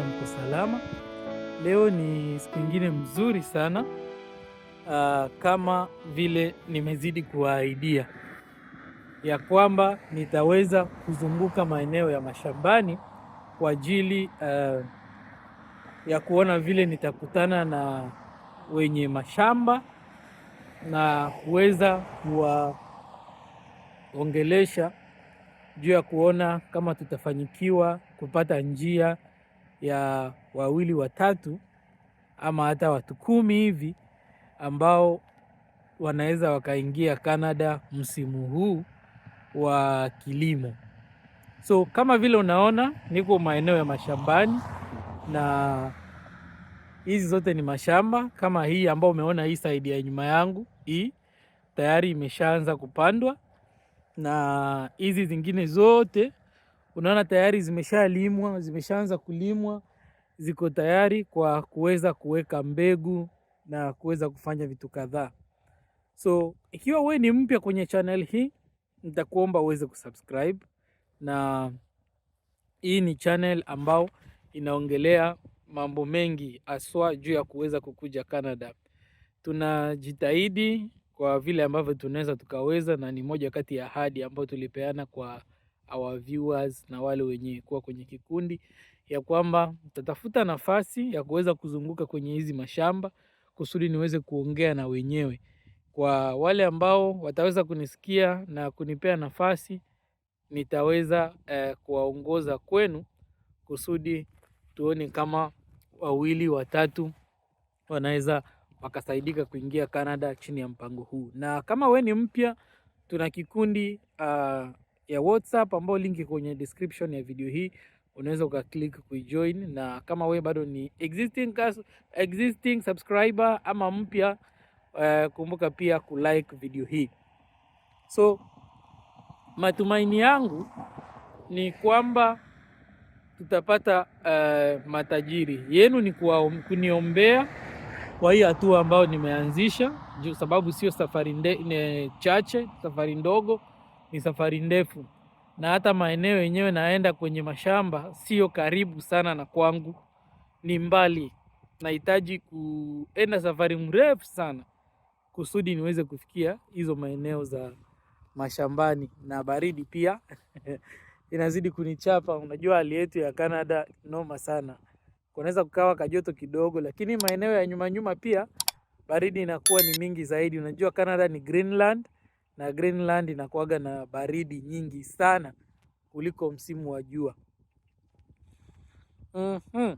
natumai mko salama. Leo ni siku ingine mzuri sana aa, ah, kama vile nimezidi kuwaahidia ya kwamba nitaweza kuzunguka maeneo ya mashambani kwa ajili uh, ya kuona vile nitakutana na wenye mashamba na kuweza kuwaongelesha juu ya kuona kama tutafanyikiwa kupata njia ya wawili watatu ama hata watu kumi hivi ambao wanaweza wakaingia Canada msimu huu wa kilimo. So kama vile unaona niko maeneo ya mashambani na hizi zote ni mashamba kama hii ambao umeona hii saidi ya nyuma yangu, hii tayari imeshaanza kupandwa na hizi zingine zote Unaona tayari zimeshalimwa, zimeshaanza kulimwa, ziko tayari kwa kuweza kuweka mbegu na kuweza kufanya vitu kadhaa. So ikiwa wewe ni mpya kwenye channel hii, nitakuomba uweze kusubscribe, na hii ni channel ambao inaongelea mambo mengi aswa juu ya kuweza kukuja Canada. Tunajitahidi kwa vile ambavyo tunaweza tukaweza, na ni moja kati ya ahadi ambayo tulipeana kwa our viewers na wale wenye kuwa kwenye kikundi, ya kwamba mtatafuta nafasi ya kuweza kuzunguka kwenye hizi mashamba kusudi niweze kuongea na wenyewe. Kwa wale ambao wataweza kunisikia na kunipea nafasi, nitaweza eh, kuwaongoza kwenu kusudi tuone kama wawili watatu wanaweza wakasaidika kuingia Canada chini ya mpango huu. Na kama we ni mpya, tuna kikundi uh, ya WhatsApp ambayo iko kwenye description ya video hii unaweza ukaklik kuijoin, na kama we bado ni existing, existing subscriber ama mpya uh, kumbuka pia kulike video hii. So matumaini yangu ni kwamba tutapata uh, matajiri yenu ni kuniombea kwa hii hatua ambayo nimeanzisha, sababu sio safari chache, safari ndogo ni safari ndefu, na hata maeneo yenyewe naenda kwenye mashamba sio karibu sana na kwangu, ni mbali. Nahitaji kuenda safari mrefu sana kusudi niweze kufikia hizo maeneo za mashambani, na baridi pia inazidi kunichapa. Unajua hali yetu ya Canada noma sana, kunaweza kukawa kajoto kidogo, lakini maeneo ya nyuma nyuma pia baridi inakuwa ni mingi zaidi. Unajua Canada ni Greenland na Greenland inakuwaga na baridi nyingi sana kuliko msimu wa jua. mm -hmm.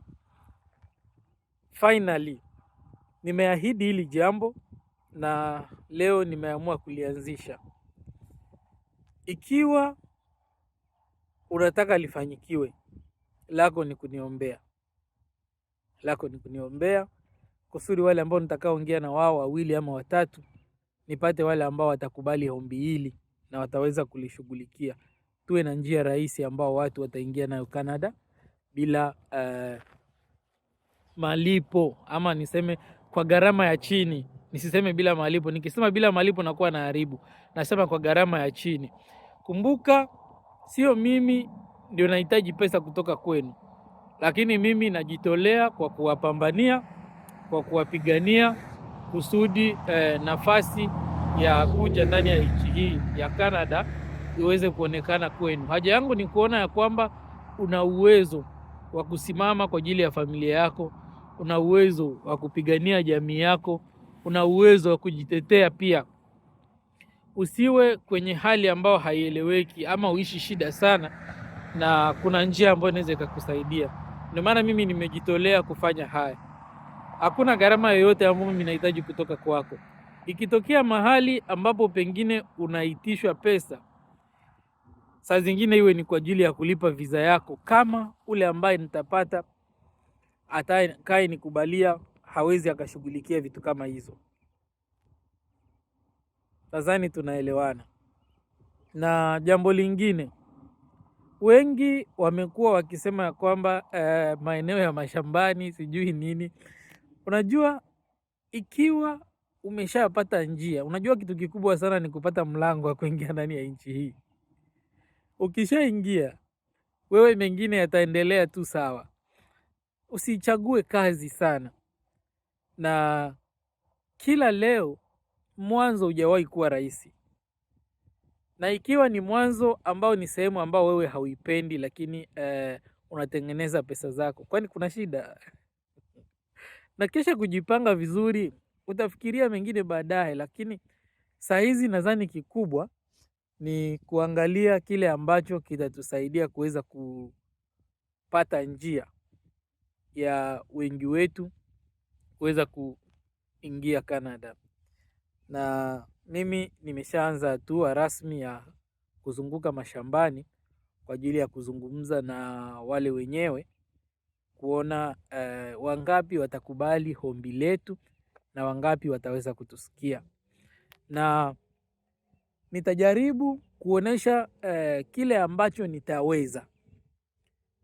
Finally nimeahidi hili jambo na leo nimeamua kulianzisha. Ikiwa unataka lifanyikiwe, lako ni kuniombea, lako ni kuniombea kusudi wale ambao nitakaoongea na wao wawili ama watatu nipate wale ambao watakubali ombi hili na wataweza kulishughulikia. Tuwe na njia rahisi ambao watu wataingia nayo Canada bila uh, malipo ama niseme kwa gharama ya chini. Nisiseme bila malipo. Nikisema bila malipo nakuwa na haribu. Nasema kwa gharama ya chini. Kumbuka, sio mimi ndio nahitaji pesa kutoka kwenu, lakini mimi najitolea kwa kuwapambania, kwa kuwapigania kusudi eh, nafasi ya kuja ndani ya nchi hii ya Canada iweze kuonekana kwenu. Haja yangu ni kuona ya kwamba una uwezo wa kusimama kwa ajili ya familia yako, una uwezo wa kupigania jamii yako, una uwezo wa kujitetea pia. Usiwe kwenye hali ambayo haieleweki ama uishi shida sana, na kuna njia ambayo inaweza ikakusaidia. Ndio maana mimi nimejitolea kufanya haya hakuna gharama yoyote ambayo ninahitaji kutoka kwako. Ikitokea mahali ambapo pengine unaitishwa pesa, saa zingine iwe ni kwa ajili ya kulipa visa yako, kama ule ambaye nitapata atakaye nikubalia hawezi akashughulikia vitu kama hizo. Nadhani tunaelewana. Na jambo lingine, wengi wamekuwa wakisema ya kwamba eh, maeneo ya mashambani sijui nini Unajua, ikiwa umeshapata njia, unajua kitu kikubwa sana ni kupata mlango wa kuingia ndani ya nchi hii. Ukishaingia wewe, mengine yataendelea tu sawa. Usichague kazi sana, na kila leo mwanzo hujawahi kuwa rahisi, na ikiwa ni mwanzo ambao ni sehemu ambao wewe hauipendi, lakini eh, unatengeneza pesa zako, kwani kuna shida? na kisha kujipanga vizuri, utafikiria mengine baadaye, lakini saa hizi nadhani kikubwa ni kuangalia kile ambacho kitatusaidia kuweza kupata njia ya wengi wetu kuweza kuingia Canada. Na mimi nimeshaanza hatua rasmi ya kuzunguka mashambani kwa ajili ya kuzungumza na wale wenyewe kuona uh, wangapi watakubali ombi letu na wangapi wataweza kutusikia, na nitajaribu kuonesha uh, kile ambacho nitaweza,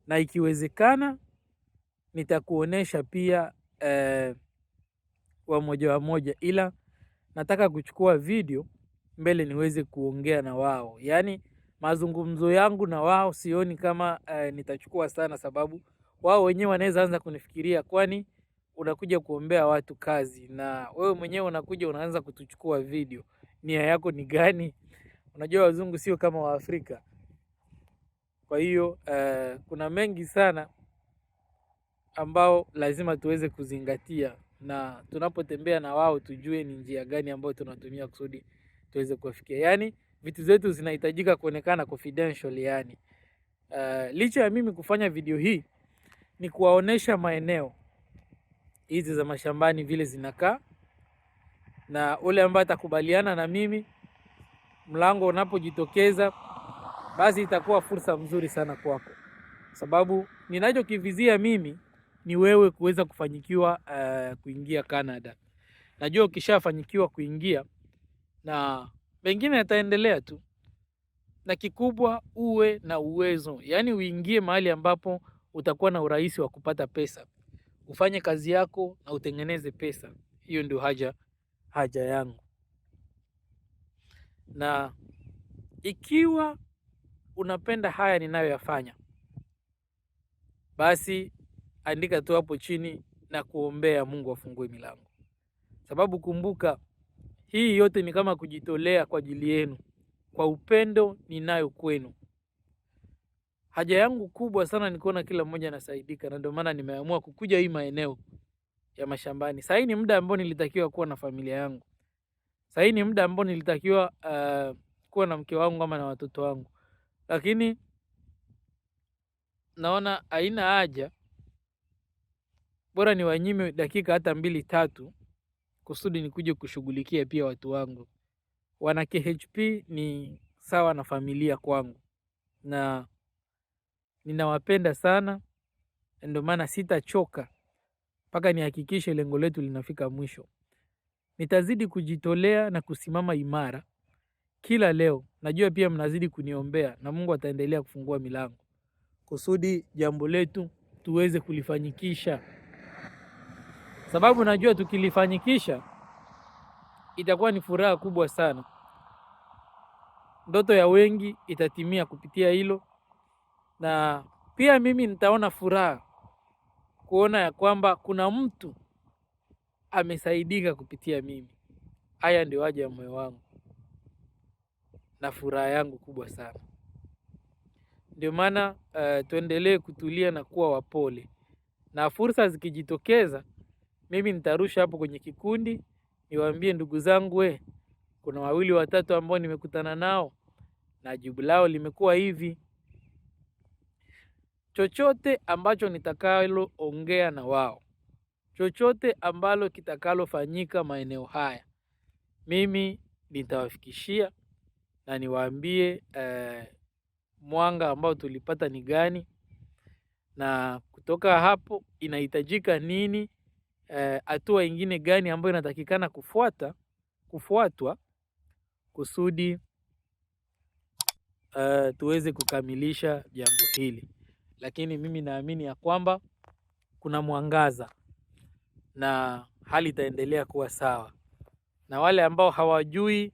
na ikiwezekana nitakuonesha pia uh, eh, wamoja wamoja, ila nataka kuchukua video mbele niweze kuongea na wao, yaani mazungumzo yangu na wao sioni kama uh, nitachukua sana sababu wao wenyewe wanaweza anza kunifikiria, kwani unakuja kuombea watu kazi na wewe mwenyewe unakuja unaanza kutuchukua video. Nia yako ni gani? Unajua wazungu sio kama Waafrika. Kwa hiyo uh, kuna mengi sana ambao lazima tuweze kuzingatia, na tunapotembea na wao tujue ni njia gani ambayo tunatumia kusudi tuweze kuwafikia. Yaani vitu zetu zinahitajika kuonekana confidential, yani uh, eh, licha ya mimi kufanya video hii ni kuwaonesha maeneo hizi za mashambani vile zinakaa, na ule ambaye atakubaliana na mimi mlango unapojitokeza, basi itakuwa fursa mzuri sana kwako, sababu ninachokivizia mimi ni wewe kuweza kufanyikiwa uh, kuingia Canada. Najua ukishafanyikiwa kuingia na pengine yataendelea tu, na kikubwa uwe na uwezo, yaani uingie mahali ambapo utakuwa na urahisi wa kupata pesa. Ufanye kazi yako na utengeneze pesa. Hiyo ndio haja, haja yangu. Na ikiwa unapenda haya ninayoyafanya, basi andika tu hapo chini na kuombea Mungu afungue milango, sababu kumbuka, hii yote ni kama kujitolea kwa ajili yenu, kwa upendo ninayo kwenu haja yangu kubwa sana ni kuona kila mmoja anasaidika, na ndio maana nimeamua kukuja hii maeneo ya mashambani. Sahii ni muda ambao nilitakiwa kuwa na familia yangu. Sahii ni muda ambao nilitakiwa uh, kuwa na mke wangu ama na watoto wangu, lakini naona haina haja, bora ni wanyime dakika hata mbili tatu kusudi nikuje kushughulikia pia watu wangu. Wana KHP ni sawa na familia kwangu na ninawapenda sana, ndio maana sitachoka mpaka nihakikishe lengo letu linafika mwisho. Nitazidi kujitolea na kusimama imara kila leo. Najua pia mnazidi kuniombea na Mungu ataendelea kufungua milango kusudi jambo letu tuweze kulifanyikisha, sababu najua tukilifanyikisha itakuwa ni furaha kubwa sana. Ndoto ya wengi itatimia kupitia hilo, na pia mimi nitaona furaha kuona ya kwamba kuna mtu amesaidika kupitia mimi. Haya ndio haja ya moyo wangu na furaha yangu kubwa sana. Ndio maana uh, tuendelee kutulia na kuwa wapole, na fursa zikijitokeza, mimi nitarusha hapo kwenye kikundi, niwaambie ndugu zangu, we kuna wawili watatu ambao nimekutana nao na jibu lao limekuwa hivi chochote ambacho nitakaloongea na wao, chochote ambalo kitakalofanyika maeneo haya, mimi nitawafikishia na niwaambie eh, mwanga ambao tulipata ni gani na kutoka hapo inahitajika nini, eh, hatua eh, ingine gani ambayo inatakikana kufuata kufuatwa kusudi eh, tuweze kukamilisha jambo hili lakini mimi naamini ya kwamba kuna mwangaza na hali itaendelea kuwa sawa. Na wale ambao hawajui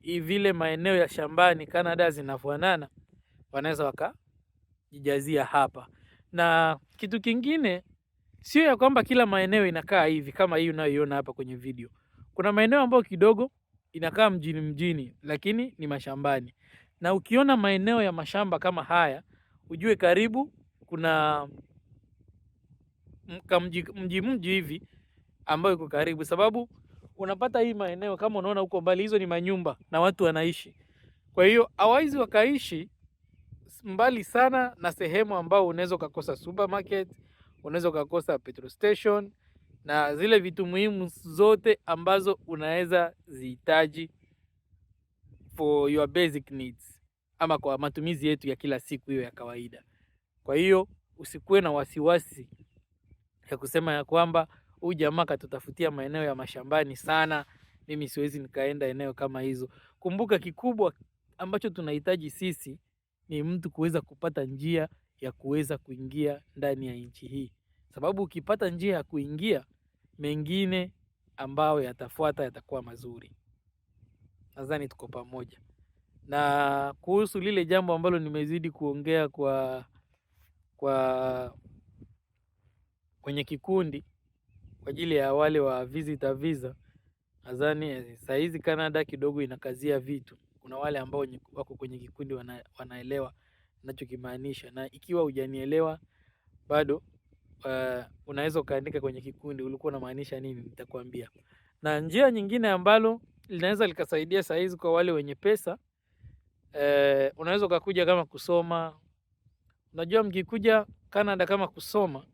vile maeneo ya shambani kanada zinafanana, wanaweza wakajijazia hapa. Na kitu kingine, sio ya kwamba kila maeneo inakaa hivi kama hii unayoiona hapa kwenye video. Kuna maeneo ambayo kidogo inakaa mjini mjini, lakini ni mashambani. Na ukiona maeneo ya mashamba kama haya ujue karibu kuna mji mji mji hivi ambayo iko karibu, sababu unapata hii maeneo kama unaona huko mbali, hizo ni manyumba na watu wanaishi. Kwa hiyo hawawezi wakaishi mbali sana na sehemu ambao unaweza ukakosa supermarket, unaweza ukakosa petrol station na zile vitu muhimu zote ambazo unaweza zihitaji for your basic needs ama kwa matumizi yetu ya kila siku hiyo ya kawaida. Kwa hiyo usikuwe na wasiwasi ya kusema ya kwamba huyu jamaa katutafutia maeneo ya mashambani sana, mimi siwezi nikaenda eneo kama hizo. Kumbuka kikubwa ambacho tunahitaji sisi ni mtu kuweza kupata njia ya kuweza kuingia ndani ya nchi hii, sababu ukipata njia ya kuingia, mengine ambayo yatafuata yatakuwa mazuri. Nadhani tuko pamoja na kuhusu lile jambo ambalo nimezidi kuongea kwa kwa kwenye kikundi kwa ajili ya wale wa visitor visa, nadhani eh, saa Canada kidogo inakazia vitu. Kuna wale ambao wako kwenye kikundi wana, wanaelewa ninachokimaanisha, na ikiwa hujanielewa bado uh, unaweza ukaandika kwenye kikundi ulikuwa unamaanisha nini, nitakwambia. Na njia nyingine ambalo linaweza likasaidia saa kwa wale wenye pesa eh, unaweza ukakuja kama kusoma. Unajua, mkikuja Canada kama kusoma,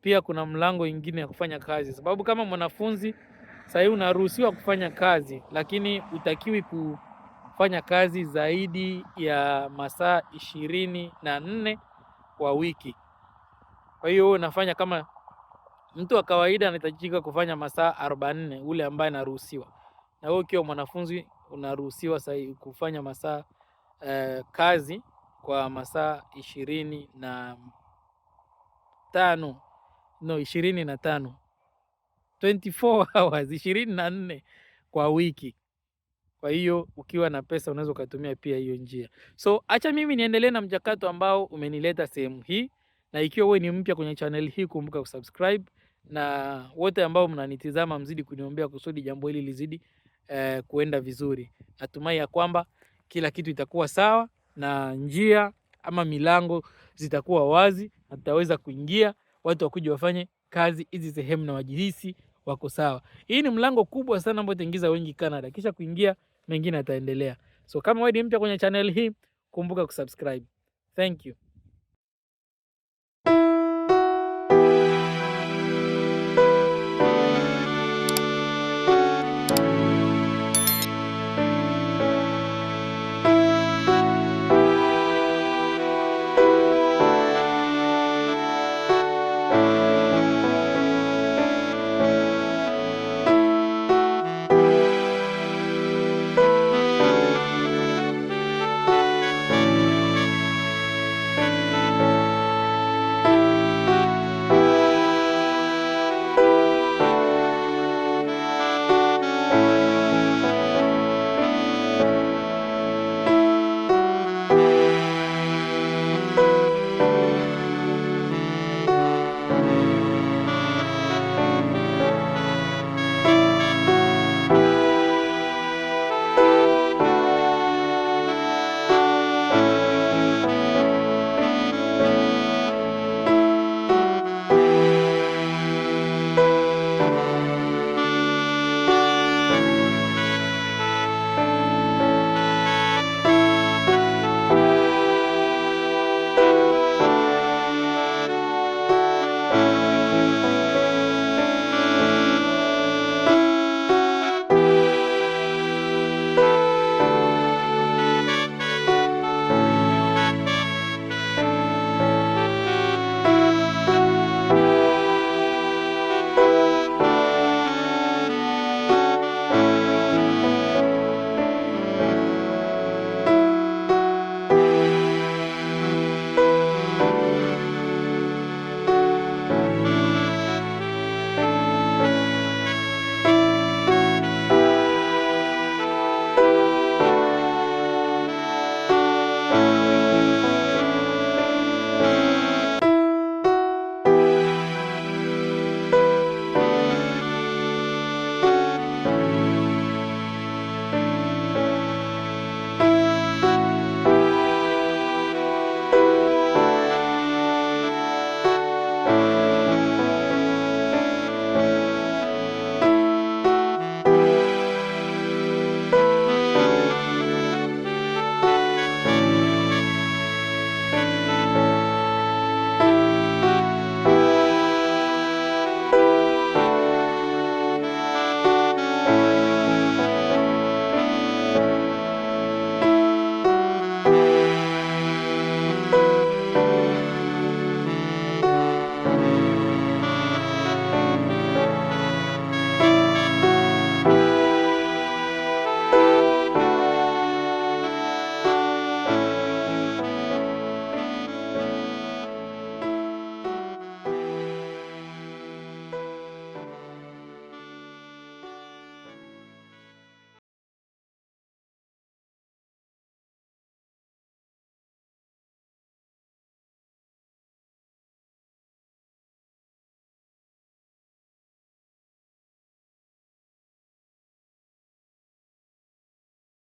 pia kuna mlango ingine ya kufanya kazi, sababu kama mwanafunzi hivi unaruhusiwa kufanya kazi, lakini utakiwi kufanya kazi zaidi ya masaa ishirini na nne kwa wiki. Kwa hiyo unafanya kama mtu wa kawaida anahitajika kufanya masaa arobaini ule ambaye anaruhusiwa, na wewe ukiwa mwanafunzi unaruhusiwa sasa kufanya masaa Eh, kazi kwa masaa ishirini na tano no, ishirini na tano 24 hours, ishirini na nne kwa wiki. Kwa hiyo ukiwa na pesa unaweza ukatumia pia hiyo njia. So acha mimi niendelee na mchakato ambao umenileta sehemu hii, na ikiwa wewe ni mpya kwenye channel hii, kumbuka kusubscribe, na wote ambao mnanitizama mzidi kuniombea kusudi jambo hili lizidi eh, kuenda vizuri. Natumai ya kwamba kila kitu itakuwa sawa na njia ama milango zitakuwa wazi na tutaweza kuingia, watu wakuja wafanye kazi hizi sehemu na wajihisi wako sawa. Hii ni mlango kubwa sana ambao utaingiza wengi Canada, kisha kuingia mengine ataendelea. So kama wewe ni mpya kwenye channel hii, kumbuka kusubscribe. Thank you.